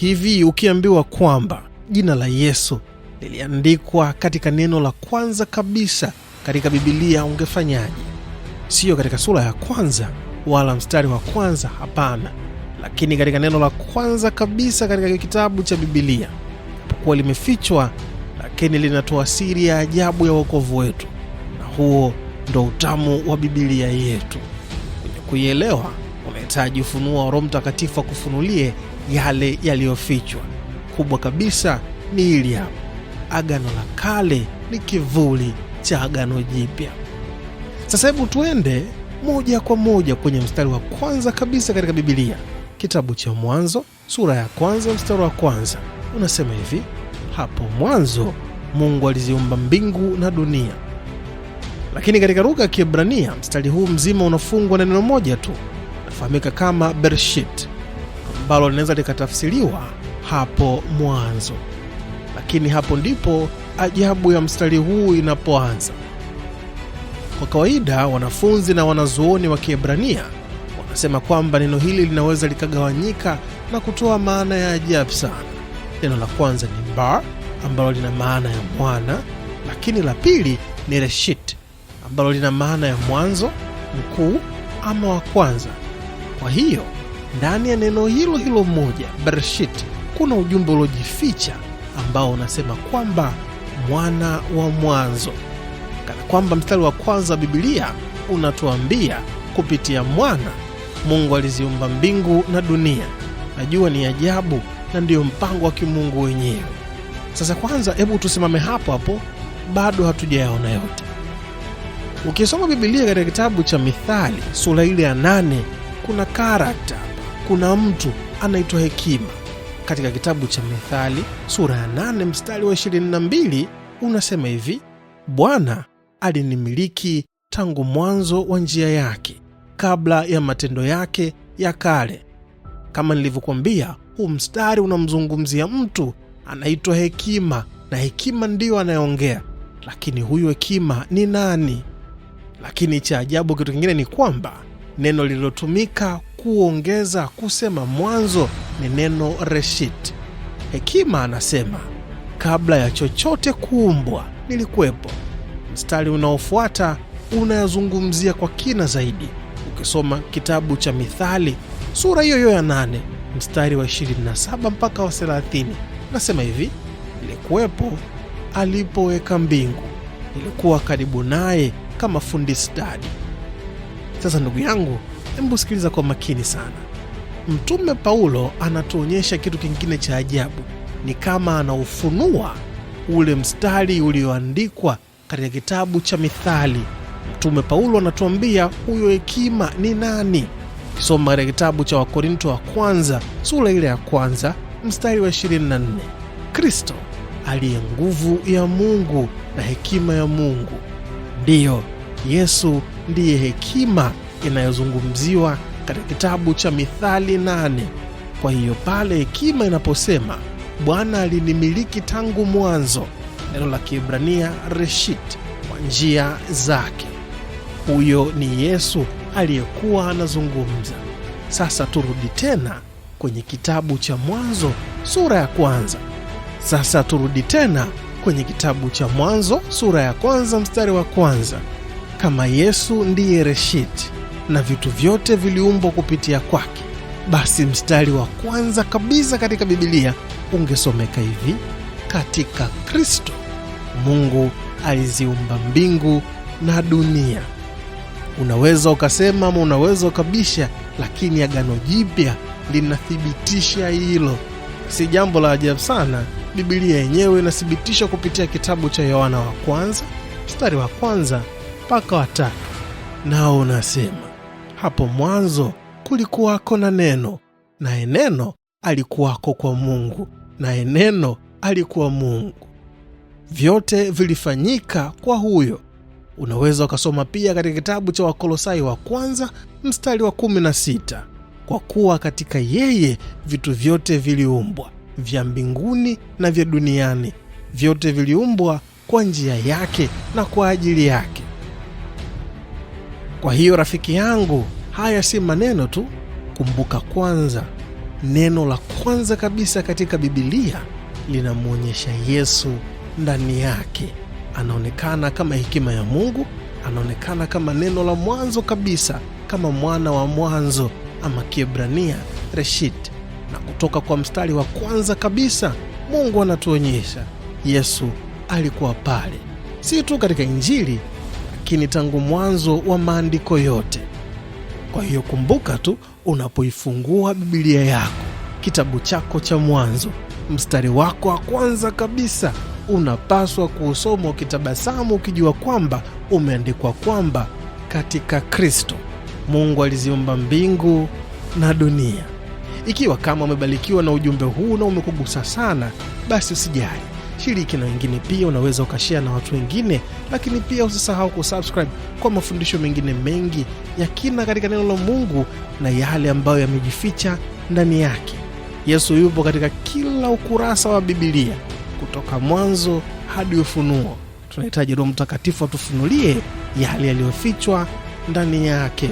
Hivi ukiambiwa kwamba jina la Yesu liliandikwa katika neno la kwanza kabisa katika Bibilia ungefanyaje? Siyo katika sura ya kwanza wala mstari wa kwanza, hapana, lakini katika neno la kwanza kabisa katika kitabu cha Bibilia, kuwa limefichwa, lakini linatoa siri ya ajabu ya wokovu wetu, na huo ndo utamu wa Bibilia yetu. Kwenye kuielewa unahitaji ufunuo wa Roho Mtakatifu akufunulie yale yaliyofichwa. Kubwa kabisa ni ili hapa, Agano la Kale ni kivuli cha Agano Jipya. Sasa hebu tuende moja kwa moja kwenye mstari wa kwanza kabisa katika Bibilia, kitabu cha Mwanzo sura ya kwanza mstari wa kwanza unasema hivi: hapo mwanzo Mungu aliziumba mbingu na dunia. Lakini katika lugha ya Kiebrania mstari huu mzima unafungwa na neno moja tu, nafahamika kama Bereshit ambalo linaweza likatafsiriwa hapo mwanzo, lakini hapo ndipo ajabu ya mstari huu inapoanza. Kwa kawaida wanafunzi na wanazuoni wa Kiebrania wanasema kwamba neno hili linaweza likagawanyika na kutoa maana ya ajabu sana. Neno la kwanza ni bar ambalo lina maana ya mwana, lakini la pili ni reshit ambalo lina maana ya mwanzo, mkuu ama wa kwanza. Kwa hiyo ndani ya neno hilo hilo moja Bereshit kuna ujumbe uliojificha ambao unasema kwamba mwana wa mwanzo, kana kwamba mstari wa kwanza wa Bibilia unatuambia kupitia mwana Mungu aliziumba mbingu na dunia. Najua ni ajabu na ndiyo mpango wa kimungu wenyewe. Sasa kwanza, hebu tusimame hapo hapo, bado hatujayaona yote. Ukisoma Bibilia katika kitabu cha Mithali sura ile ya nane kuna karakta kuna mtu anaitwa hekima. Katika kitabu cha Methali sura ya 8 mstari wa 22 unasema hivi: Bwana alinimiliki tangu mwanzo wa njia yake, kabla ya matendo yake ya kale. Kama nilivyokwambia huu mstari unamzungumzia mtu anaitwa Hekima, na hekima ndiyo anayeongea. Lakini huyu hekima ni nani? Lakini cha ajabu, kitu kingine ni kwamba neno lililotumika kuongeza kusema mwanzo ni neno reshit. Hekima anasema kabla ya chochote kuumbwa nilikuwepo. Mstari unaofuata unayazungumzia kwa kina zaidi ukisoma kitabu cha Mithali sura hiyo hiyo ya nane mstari wa 27 mpaka wa 30, nasema hivi: nilikuwepo alipoweka mbingu, nilikuwa karibu naye kama fundi stadi. Sasa ndugu yangu Hebu sikiliza kwa makini sana. Mtume Paulo anatuonyesha kitu kingine cha ajabu, ni kama anaufunua ule mstari ulioandikwa katika kitabu cha Mithali. Mtume Paulo anatuambia huyo hekima ni nani? Kisoma katika kitabu cha Wakorinto wa kwanza sura ile ya kwanza mstari wa 24, Kristo aliye nguvu ya Mungu na hekima ya Mungu. Ndiyo, Yesu ndiye hekima inayozungumziwa katika kitabu cha Mithali nane. Kwa hiyo pale hekima inaposema Bwana alinimiliki tangu mwanzo, neno la Kiebrania reshit, kwa njia zake, huyo ni Yesu aliyekuwa anazungumza. Sasa turudi tena kwenye kitabu cha Mwanzo sura ya kwanza. Sasa turudi tena kwenye kitabu cha Mwanzo sura ya kwanza mstari wa kwanza. Kama Yesu ndiye reshiti na vitu vyote viliumbwa kupitia kwake, basi mstari wa kwanza kabisa katika Bibilia ungesomeka hivi: katika Kristo Mungu aliziumba mbingu na dunia. Unaweza ukasema ama unaweza ukabisha, lakini Agano Jipya linathibitisha hilo. Si jambo la ajabu sana. Bibilia yenyewe inathibitisha kupitia kitabu cha Yohana wa kwanza mstari wa kwanza mpaka watatu nao unasema hapo mwanzo kulikuwako na Neno, na eneno alikuwako kwa Mungu, na eneno alikuwa Mungu. Vyote vilifanyika kwa huyo. Unaweza ukasoma pia katika kitabu cha Wakolosai wa kwanza mstari wa 16, kwa kuwa katika yeye vitu vyote viliumbwa, vya mbinguni na vya duniani, vyote viliumbwa kwa njia yake na kwa ajili yake kwa hiyo rafiki yangu, haya si maneno tu. Kumbuka kwanza, neno la kwanza kabisa katika Bibilia linamwonyesha Yesu ndani yake. Anaonekana kama hekima ya Mungu, anaonekana kama neno la mwanzo kabisa, kama mwana wa mwanzo, ama Kiebrania Reshit. Na kutoka kwa mstari wa kwanza kabisa Mungu anatuonyesha Yesu alikuwa pale, si tu katika Injili makini tangu mwanzo wa maandiko yote. Kwa hiyo kumbuka tu unapoifungua Biblia yako, kitabu chako cha Mwanzo, mstari wako wa kwanza kabisa unapaswa kuusoma ukitabasamu, ukijua kwamba umeandikwa kwamba katika Kristo Mungu aliziumba mbingu na dunia. Ikiwa kama umebarikiwa na ujumbe huu na umekugusa sana, basi usijali shiriki na wengine pia. Unaweza ukashea na watu wengine, lakini pia usisahau kusubscribe kwa mafundisho mengine mengi ya kina katika neno la Mungu na yale ambayo yamejificha ndani yake. Yesu yupo katika kila ukurasa wa Bibilia, kutoka Mwanzo hadi Ufunuo. Tunahitaji Roho Mtakatifu atufunulie yale yaliyofichwa ndani yake.